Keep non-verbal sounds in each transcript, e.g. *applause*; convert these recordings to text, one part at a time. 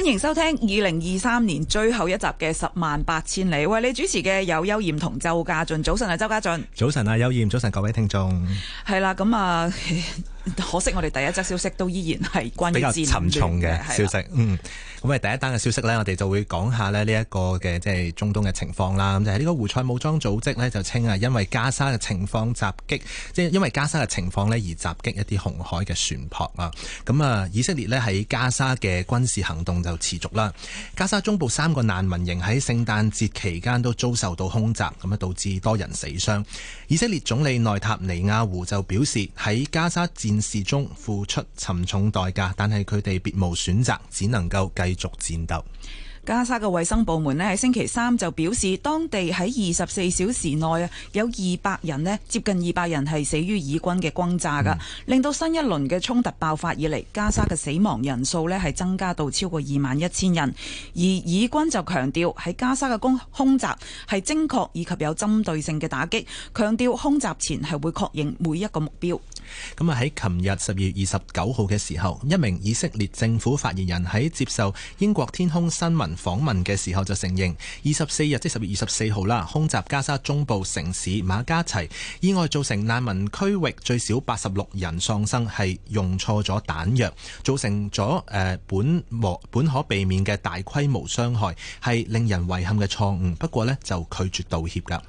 歡迎收聽二零二三年最後一集嘅十萬八千里。為，你主持嘅有邱艷同周家俊。早晨啊，周家俊。早晨啊，邱艷。早晨各位聽眾。係啦，咁啊。 *laughs* 可惜我哋第一則消息都依然係關於沉重嘅消息。嗯，咁啊，第一單嘅消息呢，我哋就會講下呢一個嘅即係中東嘅情況啦。咁就係呢個胡塞武裝組織呢，就稱啊因為加沙嘅情況襲擊，即係因為加沙嘅情況呢而襲擊一啲紅海嘅船舶啊。咁啊，以色列呢喺加沙嘅軍事行動就持續啦。加沙中部三個難民營喺聖誕節期間都遭受到空襲，咁啊導致多人死傷。以色列總理內塔尼亞胡就表示喺加沙戰事中付出沉重代價，但係佢哋別無選擇，只能夠繼續戰鬥。加沙嘅衛生部門呢喺星期三就表示，當地喺二十四小時內啊有二百人呢，接近二百人係死於以軍嘅轟炸噶，嗯、令到新一輪嘅衝突爆發以嚟，加沙嘅死亡人數呢係增加到超過二萬一千人。而以軍就強調喺加沙嘅空襲係精確以及有針對性嘅打擊，強調空襲前係會確認每一個目標。咁啊！喺琴、嗯、日十二月二十九號嘅時候，一名以色列政府發言人喺接受英國天空新聞訪問嘅時候就承認，二十四日即十、就是、月二十四號啦，空襲加沙中部城市馬加齊，意外造成難民區域最少八十六人喪生，係用錯咗彈藥，造成咗誒、呃、本本可避免嘅大規模傷害，係令人遺憾嘅錯誤。不過呢，就拒絕道歉㗎。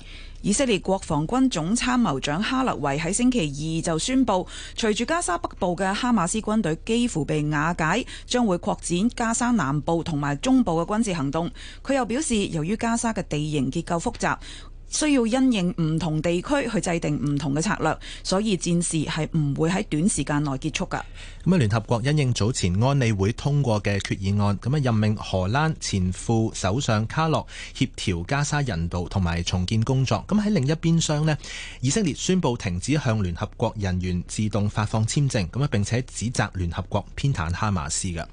以色列國防軍總參謀長哈勒維喺星期二就宣佈，隨住加沙北部嘅哈馬斯軍隊幾乎被瓦解，將會擴展加沙南部同埋中部嘅軍事行動。佢又表示，由於加沙嘅地形結構複雜。需要因應唔同地區去制定唔同嘅策略，所以戰事係唔會喺短時間內結束噶。咁啊，聯合國因應早前安理會通過嘅決議案，咁啊任命荷蘭前副首相卡洛協調加沙人道同埋重建工作。咁喺另一邊廂呢，以色列宣布停止向聯合國人員自動發放簽證，咁啊並且指責聯合國偏袒哈馬斯噶。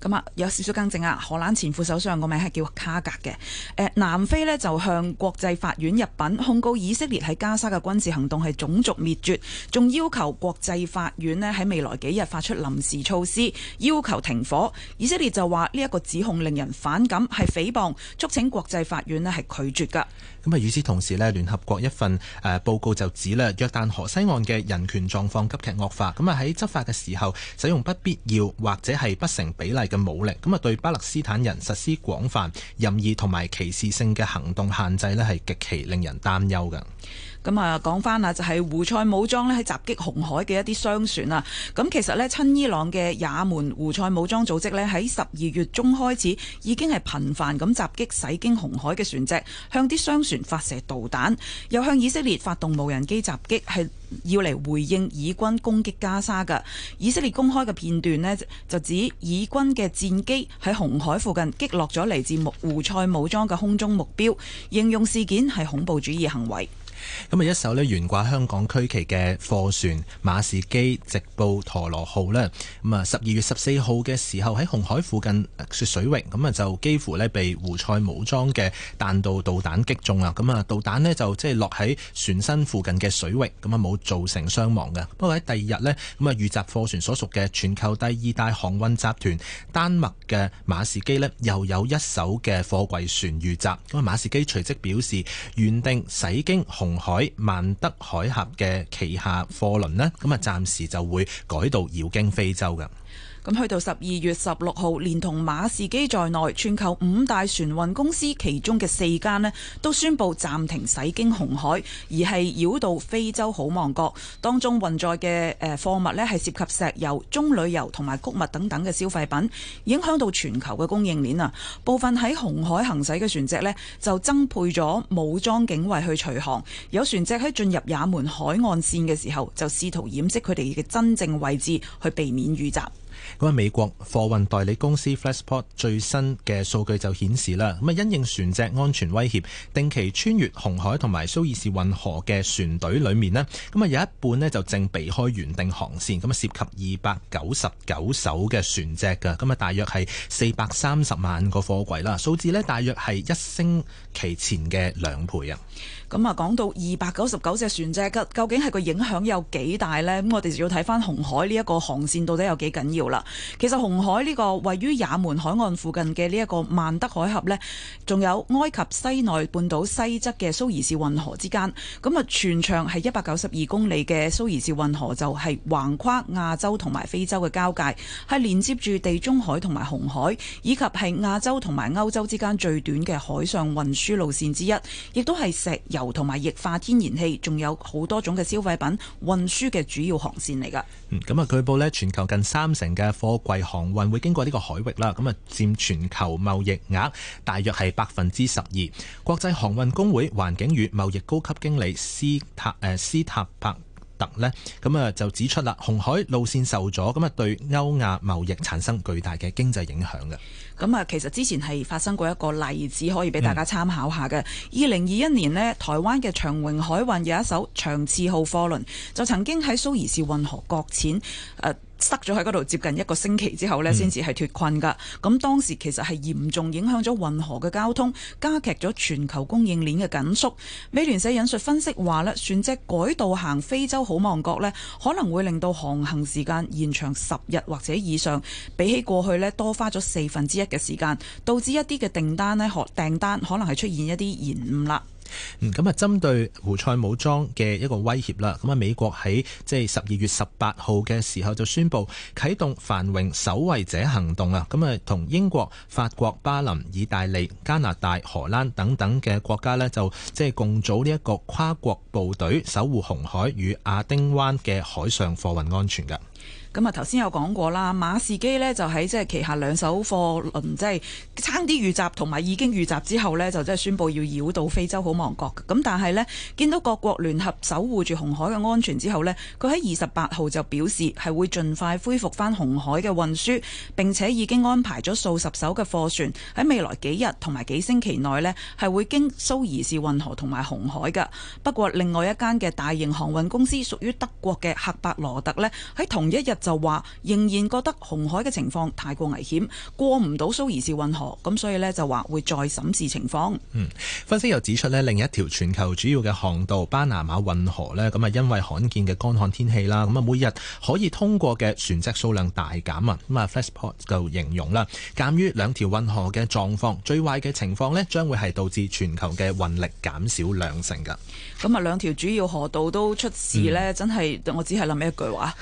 咁啊、嗯，有少少更正啊，荷蘭前副首相個名係叫卡格嘅。誒、呃，南非呢就向國際法院入禀控告以色列喺加沙嘅軍事行動係種族滅絕，仲要求國際法院呢喺未來幾日發出臨時措施，要求停火。以色列就話呢一個指控令人反感，係誹謗，促請國際法院呢係拒絕噶。咁啊，與此同時呢，聯合國一份誒報告就指啦，約旦河西岸嘅人權狀況急劇惡化。咁啊，喺執法嘅時候使用不必要或者係不成。比例嘅武力，咁啊對巴勒斯坦人實施廣泛、任意同埋歧視性嘅行動限制，呢係極其令人擔憂嘅。咁啊，講翻啊，就係胡塞武裝咧，喺襲擊紅海嘅一啲商船啊。咁其實咧，親伊朗嘅也門胡塞武裝組織咧，喺十二月中開始已經係頻繁咁襲擊駛經紅海嘅船隻，向啲商船發射導彈，又向以色列發動無人機襲擊，係要嚟回應以軍攻擊加沙嘅。以色列公開嘅片段咧，就指以軍嘅戰機喺紅海附近擊落咗嚟自胡塞武裝嘅空中目標，形容事件係恐怖主義行為。咁啊，一艘呢，懸掛香港區旗嘅貨船馬士基直布陀羅號呢，咁啊十二月十四號嘅時候喺紅海附近雪水域，咁啊就幾乎呢被胡塞武裝嘅彈道導彈擊中啊！咁啊導彈呢就即係落喺船身附近嘅水域，咁啊冇造成傷亡嘅。不過喺第二日呢，咁啊遇襲貨船所屬嘅全球第二大航運集團丹麥嘅馬士基呢，又有一艘嘅貨櫃船遇襲。咁啊馬士基隨即表示原定駛經紅海曼德海峽嘅旗下貨輪呢，咁啊暫時就會改道繞經非洲噶。咁去到十二月十六號，連同馬士基在內，全球五大船運公司其中嘅四間呢都宣布暫停駛經紅海，而係繞道非洲好望角。當中運載嘅誒貨物呢係涉及石油、棕櫚油同埋谷物等等嘅消費品，影響到全球嘅供應鏈啊。部分喺紅海行駛嘅船隻呢就增配咗武裝警衛去隨航。有船隻喺進入也門海岸線嘅時候，就試圖掩飾佢哋嘅真正位置，去避免遇襲。咁啊，美國貨運代理公司 Flexport 最新嘅數據就顯示啦，咁啊，因應船隻安全威脅，定期穿越紅海同埋蘇伊士運河嘅船隊裏面呢咁啊，有一半呢就正避開原定航線，咁啊，涉及二百九十九艘嘅船隻嘅，咁啊，大約係四百三十萬個貨櫃啦，數字呢大約係一星期前嘅兩倍啊。咁啊，講到二百九十九隻船隻究竟係個影響有幾大呢？咁我哋就要睇翻紅海呢一個航線到底有幾緊要啦。其實紅海呢個位於也門海岸附近嘅呢一個曼德海峽呢，仲有埃及西奈半島西側嘅蘇伊士運河之間。咁啊，全長係一百九十二公里嘅蘇伊士運河就係橫跨亞洲同埋非洲嘅交界，係連接住地中海同埋紅海，以及係亞洲同埋歐洲之間最短嘅海上運輸路線之一，亦都係石油。同埋液化天然氣，仲有好多種嘅消費品運輸嘅主要航線嚟㗎。嗯，咁啊，據報咧，全球近三成嘅貨櫃航運會經過呢個海域啦，咁啊，佔全球貿易額大約係百分之十二。國際航運公會環境與貿易高級經理斯塔誒、呃、斯塔伯。咁啊就指出啦，紅海路線受阻咁啊，對歐亞貿易產生巨大嘅經濟影響嘅。咁啊，其實之前係發生過一個例子可以俾大家參考下嘅。二零二一年呢，台灣嘅長榮海運有一艘長賜號貨輪就曾經喺蘇伊士運河擱淺誒。呃塞咗喺嗰度，接近一個星期之後咧，先至係脱困噶。咁當時其實，係嚴重影響咗運河嘅交通，加劇咗全球供應鏈嘅緊縮，美聯社引述分析話咧，船隻改道行非洲好望角咧，可能會令到航行時間延長十日或者以上，比起過去咧多花咗四分之一嘅時間，導致一啲嘅訂單咧，訂單可能係出現一啲延誤啦。咁啊，針對胡塞武裝嘅一個威脅啦，咁啊，美國喺即係十二月十八號嘅時候就宣布啟動繁榮守衛者行動啊，咁啊，同英國、法國、巴林、意大利、加拿大、荷蘭等等嘅國家呢，就即係共組呢一個跨國部隊，守護紅海與亞丁灣嘅海上貨運安全㗎。咁啊，頭先有講過啦，馬士基咧就喺即係旗下兩艘貨輪，即係差啲遇襲，同埋已經遇襲之後咧，就即係宣布要繞到非洲好望角。咁但係咧，見到各國聯合守護住紅海嘅安全之後咧，佢喺二十八號就表示係會盡快恢復翻紅海嘅運輸，並且已經安排咗數十艘嘅貨船喺未來幾日同埋幾星期內咧係會經蘇伊士運河同埋紅海噶。不過另外一間嘅大型航運公司，屬於德國嘅赫伯羅特咧，喺同一日，就話仍然覺得紅海嘅情況太過危險，過唔到蘇伊士運河，咁所以呢，就話會再審視情況。嗯，分析又指出呢另一條全球主要嘅航道巴拿馬運河呢，咁啊因為罕見嘅乾旱天氣啦，咁啊每日可以通過嘅船隻數量大減啊。咁啊、嗯、，Flexport 就形容啦，鑑於兩條運河嘅狀況，最壞嘅情況呢，將會係導致全球嘅運力減少兩成㗎。咁啊、嗯，兩條主要河道都出事呢，真係我只係諗一句話。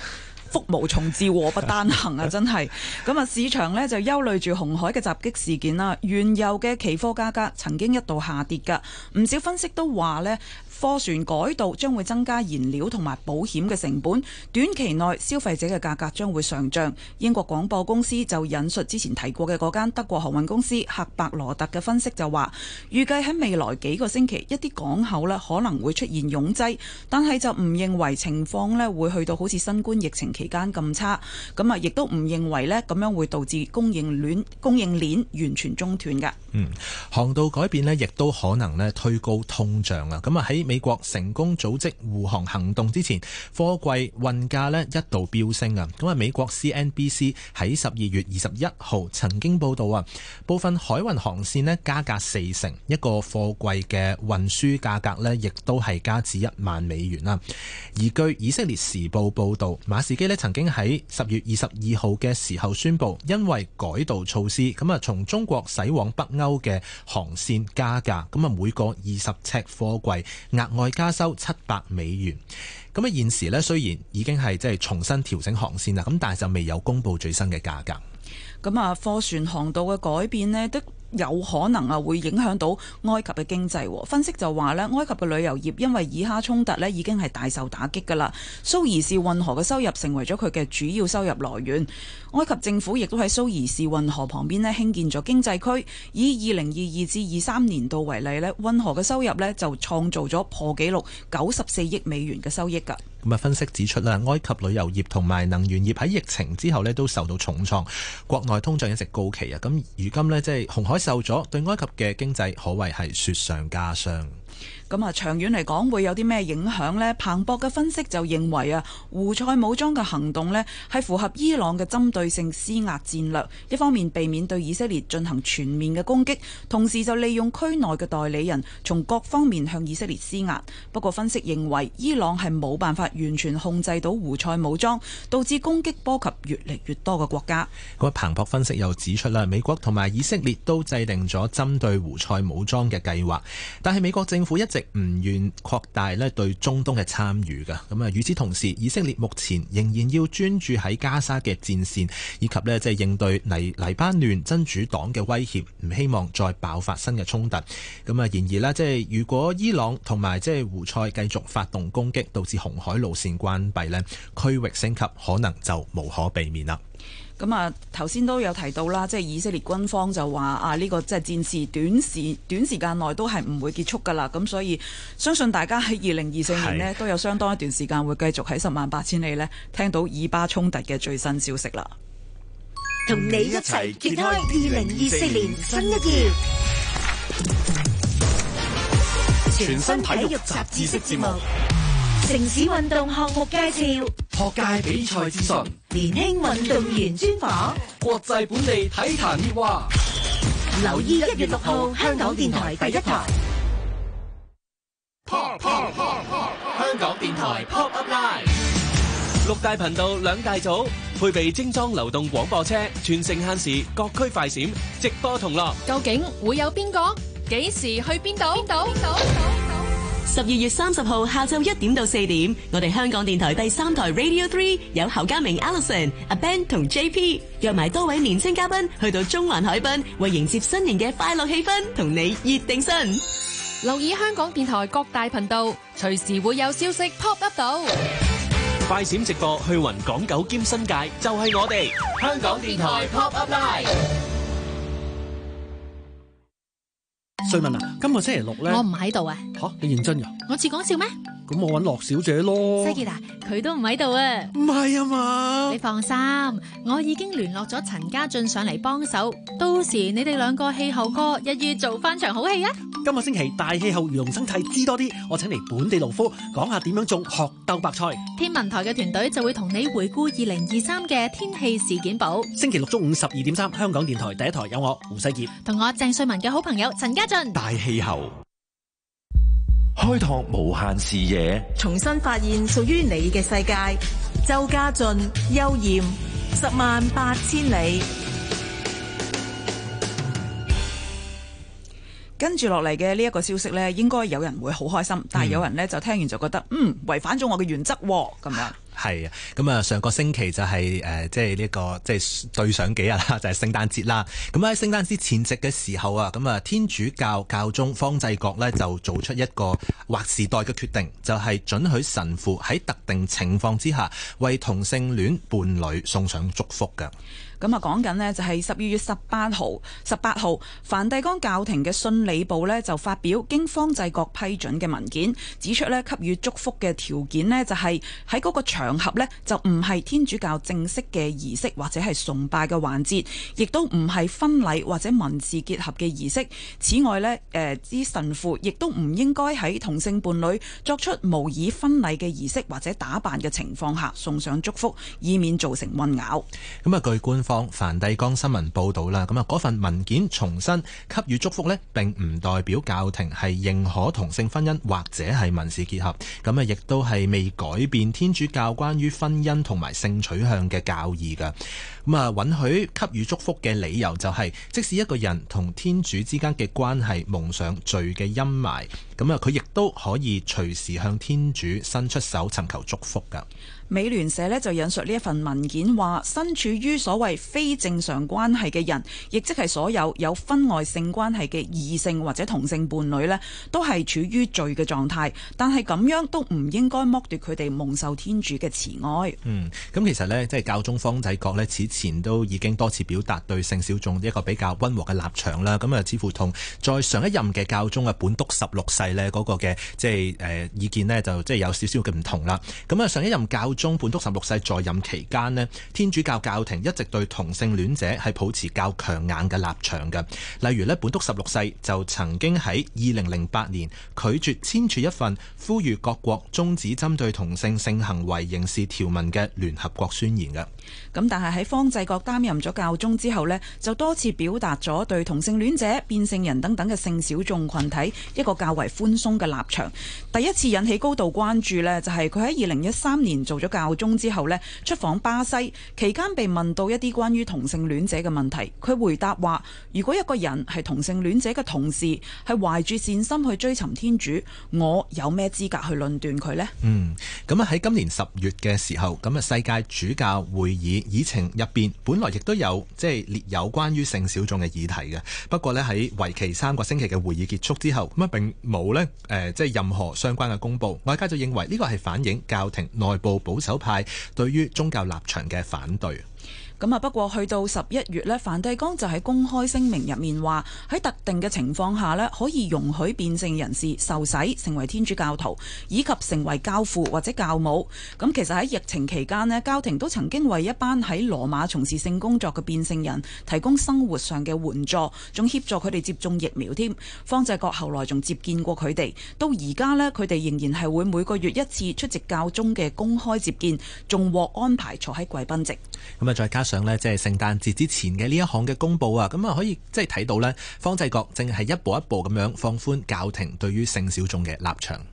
福無從至，禍不單行啊！真係咁啊，市場呢就憂慮住紅海嘅襲擊事件啦。原油嘅期貨價格曾經一度下跌㗎，唔少分析都話呢。貨船改道將會增加燃料同埋保險嘅成本，短期內消費者嘅價格將會上漲。英國廣播公司就引述之前提過嘅嗰間德國航運公司赫伯羅特嘅分析就話，預計喺未來幾個星期，一啲港口咧可能會出現擁擠，但係就唔認為情況咧會去到好似新冠疫情期間咁差。咁啊，亦都唔認為呢咁樣會導致供應鏈供應鏈完全中斷嘅。嗯，航道改變呢亦都可能咧推高通脹啊。咁啊喺美國成功組織護航行動之前，貨櫃運價呢一度飆升啊！咁啊，美國 CNBC 喺十二月二十一號曾經報道啊，部分海運航線呢加價四成，一個貨櫃嘅運輸價格呢亦都係加至一萬美元啦。而據以色列時報報導，馬士基呢曾經喺十月二十二號嘅時候宣布，因為改道措施，咁啊，從中國駛往北歐嘅航線加價，咁啊每個二十尺貨櫃，額外加收七百美元，咁啊現時咧雖然已經係即係重新調整航線啦，咁但係就未有公布最新嘅價格。咁啊貨船航道嘅改變呢。的。有可能啊，會影響到埃及嘅經濟。分析就話咧埃及嘅旅遊業因為以哈衝突咧已經係大受打擊噶啦。蘇伊士運河嘅收入成為咗佢嘅主要收入來源。埃及政府亦都喺蘇伊士運河旁邊咧興建咗經濟區，以二零二二至二三年度為例呢，運河嘅收入咧就創造咗破紀錄九十四億美元嘅收益㗎。咁啊，分析指出呢，埃及旅遊業同埋能源業喺疫情之後呢都受到重創，國內通脹一直高企。啊！咁如今呢即係紅海受阻，對埃及嘅經濟可謂係雪上加霜。咁啊，長遠嚟講會有啲咩影響呢？彭博嘅分析就認為啊，胡塞武裝嘅行動呢係符合伊朗嘅針對性施壓戰略，一方面避免對以色列進行全面嘅攻擊，同時就利用區內嘅代理人從各方面向以色列施壓。不過分析認為，伊朗係冇辦法完全控制到胡塞武裝，導致攻擊波及越嚟越多嘅國家。咁彭博分析又指出啦，美國同埋以色列都制定咗針對胡塞武裝嘅計劃，但係美國政府……一直唔願擴大咧對中東嘅參與㗎，咁啊，與此同時，以色列目前仍然要專注喺加沙嘅戰線，以及咧即係應對黎黎巴嫩真主黨嘅威脅，唔希望再爆發新嘅衝突。咁啊，然而咧，即係如果伊朗同埋即係胡塞繼續發動攻擊，導致紅海路線關閉咧，區域升級可能就無可避免啦。咁啊，頭先都有提到啦，即係以色列軍方就話啊，呢個即係戰事短時短時間內都係唔會結束噶啦。咁所以相信大家喺二零二四年呢，都有相當一段時間會繼續喺十萬八千里呢聽到以巴衝突嘅最新消息啦。同你一齊揭開二零二四年新一頁，全新體育雜誌式節目。城市運動項目介紹，學界比賽資訊，年輕運動員專訪，國際本地體壇熱話，留意一月六號香港電台第一台。Pop Pop Pop Pop，香港電台 Pop Up Live，六大頻道兩大組，配備精裝流動廣播車，全城限時，各區快閃，直播同樂。究竟會有邊個？幾時去邊度？邊度？邊度？邊度？十二月三十號下晝一點到四點，我哋香港電台第三台 Radio Three 有侯家明、Alison、阿 Ben 同 JP，約埋多位年輕嘉賓去到中環海濱，為迎接新年嘅快樂氣氛，同你熱定身。留意香港電台各大頻道，隨時會有消息 pop up 到。快閃直播去云港九兼新界，就係我哋香港電台 pop up live。瑞文啊，今個星期六咧，我唔喺度啊。嚇、啊，你認真㗎、啊？我似講笑咩？咁我揾樂小姐咯。世杰啊，佢都唔喺度啊！唔係啊嘛，你放心，我已經聯絡咗陳家俊上嚟幫手，到時你哋兩個氣候哥，一於做翻場好戲啊！今個星期大氣候，魚龍生態知多啲，我請嚟本地農夫講下點樣種鶴藪白菜。天文台嘅團隊就會同你回顧二零二三嘅天氣事件簿。星期六中午十二點三，香港電台第一台有我胡世杰，同我鄭瑞文嘅好朋友陳家俊。大氣候。開拓無限視野，重新發現屬於你嘅世界。周家俊、邱燕，十萬八千里。跟住落嚟嘅呢一個消息呢，應該有人會好開心，但有人呢就聽完就覺得，嗯，違、嗯、反咗我嘅原則咁、哦、樣。係啊，咁啊，上個星期就係即係呢個即係、就是、對上幾日啦，就係聖誕節啦。咁喺聖誕節前夕嘅時候啊，咁啊，天主教教宗方濟各呢就做出一個劃時代嘅決定，就係、是、准許神父喺特定情況之下，為同性戀伴侶送上祝福㗎。咁啊，講緊咧就係十二月十八號十八號梵蒂岡教廷嘅信理部咧就發表經方濟各批准嘅文件，指出咧給予祝福嘅條件咧就係喺嗰個場合咧就唔係天主教正式嘅儀式或者係崇拜嘅環節，亦都唔係婚禮或者民事結合嘅儀式。此外咧，誒、呃、啲神父亦都唔應該喺同性伴侶作出模擬婚禮嘅儀式或者打扮嘅情況下送上祝福，以免造成混淆。咁啊，據官方。梵蒂岡新聞報道啦，咁啊嗰份文件重新給予祝福呢，並唔代表教廷係認可同性婚姻或者係民事結合，咁啊亦都係未改變天主教關於婚姻同埋性取向嘅教義噶。咁啊，允許給予祝福嘅理由就係，即使一個人同天主之間嘅關係蒙上罪嘅陰霾，咁啊，佢亦都可以隨時向天主伸出手，尋求祝福噶。美聯社呢就引述呢一份文件話，身處於所謂非正常關係嘅人，亦即係所有有婚外性關係嘅異性或者同性伴侶呢都係處於罪嘅狀態。但係咁樣都唔應該剝奪佢哋蒙受天主嘅慈愛。嗯，咁其實呢，即係教宗方濟各呢，此前都已經多次表達對性小眾一個比較溫和嘅立場啦。咁啊，似乎同在上一任嘅教宗嘅本篤十六世呢嗰個嘅即係誒意見呢，就即係有少少嘅唔同啦。咁啊，上一任教中本篤十六世在任期間呢，天主教教廷一直對同性戀者係保持較強硬嘅立場嘅。例如呢，本篤十六世就曾經喺二零零八年拒絕簽署一份呼籲各國終止針對同性性行為刑事條文嘅聯合國宣言嘅。咁但係喺方濟各擔任咗教宗之後呢，就多次表達咗對同性戀者、變性人等等嘅性小眾群體一個較為寬鬆嘅立場。第一次引起高度關注呢，就係佢喺二零一三年做咗。教宗之後呢，出訪巴西期間，被問到一啲關於同性戀者嘅問題，佢回答話：如果一個人係同性戀者嘅同事，係懷住善心去追尋天主，我有咩資格去論斷佢呢？嗯，咁啊喺今年十月嘅時候，咁啊世界主教會議議程入邊，本來亦都有即係列有關於性小眾嘅議題嘅。不過呢，喺為期三個星期嘅會議結束之後，咁啊並冇呢，誒即係任何相關嘅公佈。外界就認為呢個係反映教廷內部保。保守派對於宗教立場嘅反對。咁啊！不過去到十一月呢，梵蒂岡就喺公開聲明入面話，喺特定嘅情況下呢，可以容許變性人士受洗成為天主教徒，以及成為教父或者教母。咁其實喺疫情期間呢，教廷都曾經為一班喺羅馬從事性工作嘅變性人提供生活上嘅援助，仲協助佢哋接種疫苗添。方濟各後來仲接見過佢哋，到而家呢，佢哋仍然係會每個月一次出席教宗嘅公開接見，仲獲安排坐喺貴賓席。咁啊，再加上上咧，即係聖誕節之前嘅呢一行嘅公佈啊，咁啊可以即係睇到呢，方濟各正係一步一步咁樣放寬教廷對於性小眾嘅立場。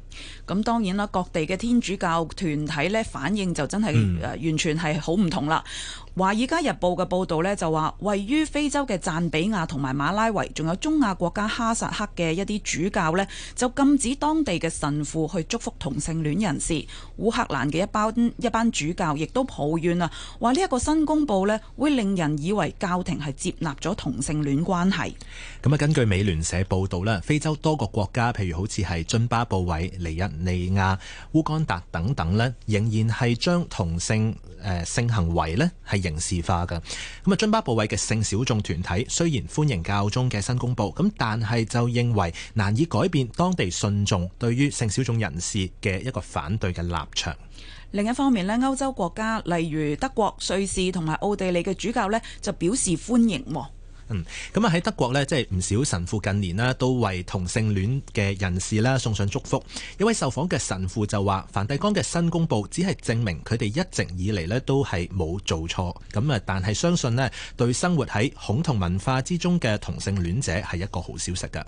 咁當然啦，各地嘅天主教團體呢反應就真係誒完全係好唔同啦。嗯《華爾街日報》嘅報導呢就話，位於非洲嘅讚比亞同埋馬拉維，仲有中亞國家哈薩克嘅一啲主教呢，就禁止當地嘅神父去祝福同性戀人士。烏克蘭嘅一包一班主教亦都抱怨啊，話呢一個新公佈呢會令人以為教廷係接納咗同性戀關係。咁啊，根據美聯社報導呢非洲多個國家，譬如好似係津巴布韋、尼日。尼亞、烏干達等等呢，仍然係將同性誒、呃、性行為咧係刑事化嘅。咁啊，津巴布韋嘅性小眾團體雖然歡迎教宗嘅新公佈，咁但係就認為難以改變當地信眾對於性小眾人士嘅一個反對嘅立場。另一方面呢，歐洲國家，例如德國、瑞士同埋奧地利嘅主教呢，就表示歡迎。嗯，咁啊喺德國咧，即係唔少神父近年啦，都為同性戀嘅人士啦送上祝福。一位受訪嘅神父就話：梵蒂岡嘅新公佈只係證明佢哋一直以嚟咧都係冇做錯。咁啊，但係相信咧，對生活喺恐同文化之中嘅同性戀者係一個好消息嘅。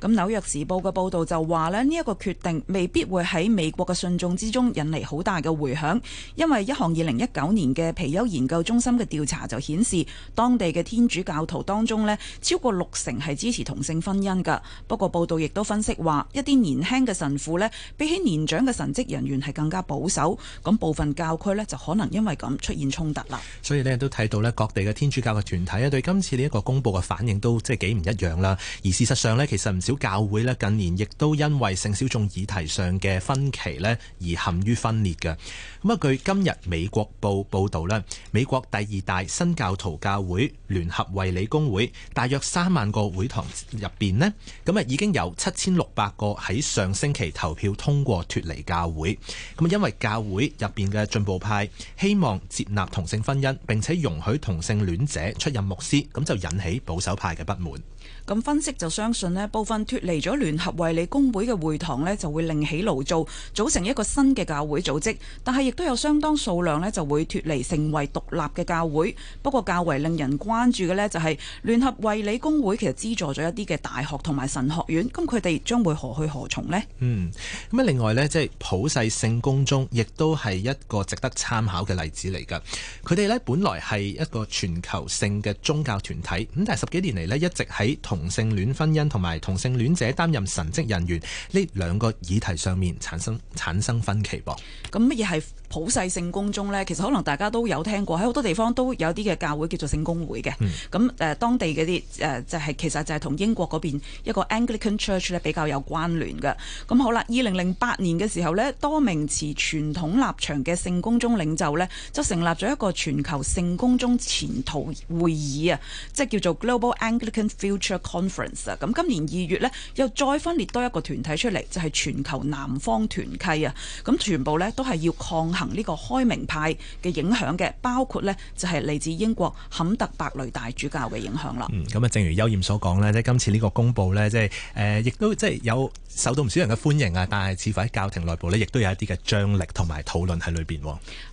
咁《紐約時報》嘅報道就話咧，呢一個決定未必會喺美國嘅信眾之中引嚟好大嘅迴響，因為一項二零一九年嘅皮尤研究中心嘅調查就顯示，當地嘅天主教徒當中呢超過六成係支持同性婚姻噶不過報道亦都分析話，一啲年輕嘅神父呢比起年長嘅神職人員係更加保守，咁部分教區呢，就可能因為咁出現衝突啦。所以呢，都睇到呢，各地嘅天主教嘅團體啊，對今次呢一個公佈嘅反應都即係幾唔一樣啦。而事實上呢，其實唔少教會呢近年亦都因為性小眾議題上嘅分歧呢而陷於分裂嘅。咁據今日美國報報導，美國第二大新教徒教會聯合衛理公會，大約三萬個會堂入面咁啊，已經有七千六百個喺上星期投票通過脱離教會。咁因為教會入面嘅進步派希望接納同性婚姻並且容許同性戀者出任牧師，咁就引起保守派嘅不滿。咁分析就相信部分脱離咗聯合衛理公會嘅會堂咧，就會另起爐灶，組成一個新嘅教會組織，但係亦。都有相當數量咧，就會脱離成為獨立嘅教會。不過較為令人關注嘅呢，就係聯合衞理公會其實資助咗一啲嘅大學同埋神學院。咁佢哋將會何去何從呢？嗯，咁啊，另外呢，即係普世聖公宗亦都係一個值得參考嘅例子嚟噶。佢哋呢，本來係一個全球性嘅宗教團體，咁但係十幾年嚟呢，一直喺同性戀婚姻同埋同性戀者擔任神職人員呢兩個議題上面產生產生分歧噃。咁乜嘢係？普世聖公宗咧，其實可能大家都有聽過，喺好多地方都有啲嘅教會叫做聖公會嘅。咁誒、嗯、當地嗰啲誒就係其實就係同英國嗰邊一個 Anglican Church 咧比較有關聯嘅。咁好啦，二零零八年嘅時候咧，多名持傳統立場嘅聖公宗領袖咧，就成立咗一個全球聖公宗前途會議啊，即係叫做 Global Anglican Future Conference 啊。咁今年二月咧，又再分裂多一個團體出嚟，就係全球南方團契啊。咁全部咧都係要抗衡。呢個開明派嘅影響嘅，包括呢，就係、是、嚟自英國坎特伯雷大主教嘅影響啦。嗯，咁啊，正如邱燕所講呢，即係今次呢個公佈呢，即係誒，亦都即係有受到唔少人嘅歡迎啊。但係似乎喺教廷內部呢，亦都有一啲嘅張力同埋討論喺裏邊。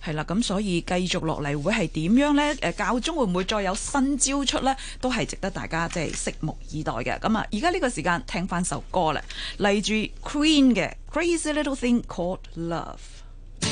係啦，咁所以繼續落嚟會係點樣呢？誒，教宗會唔會再有新招出呢？都係值得大家即係拭目以待嘅。咁啊，而家呢個時間聽翻首歌啦，嚟住 Queen 嘅《Crazy Little Thing Called Love》。